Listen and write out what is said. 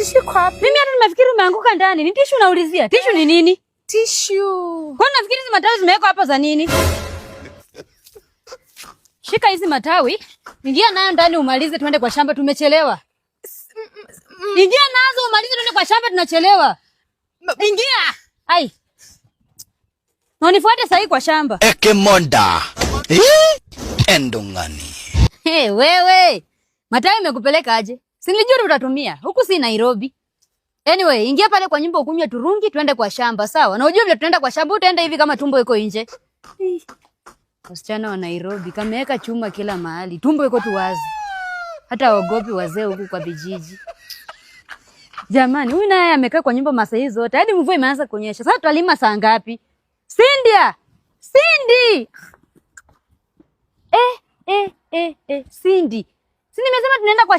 tishu iko wapi? Mimi hata nimefikiri umeanguka ndani. Ni tishu unaulizia? Tishu ni nini? Tishu. Kwani nafikiri hizi matawi zimewekwa hapo za nini? Shika hizi matawi, ingia nayo ndani umalize tuende kwa shamba tumechelewa. Ingia nazo umalize tuende kwa shamba tunachelewa. Ingia. Ai. Na unifuate sahii kwa shamba. Ekemonda. Eh? Endongani. Hey, wewe. Matawi imekupeleka aje? Sinijua utatumia. Huku si Nairobi. Anyway, ingia pale kwa nyumba ukunywe turungi tuende kwa shamba, sawa? Na unajua vile tunaenda kwa shamba utaenda hivi kama tumbo iko nje. Wasichana wa Nairobi kameweka chuma kila mahali. Tumbo iko tu wazi. Hata waogopi wazee huku kwa vijiji. Jamani, huyu naye amekaa kwa nyumba masaa hizo zote. Hadi mvua imeanza kunyesha. Sasa twalima saa ngapi? Sindia! Sindi! Eh, eh, eh, eh, Sindi. Sindi, nimesema tunaenda kwa shamba.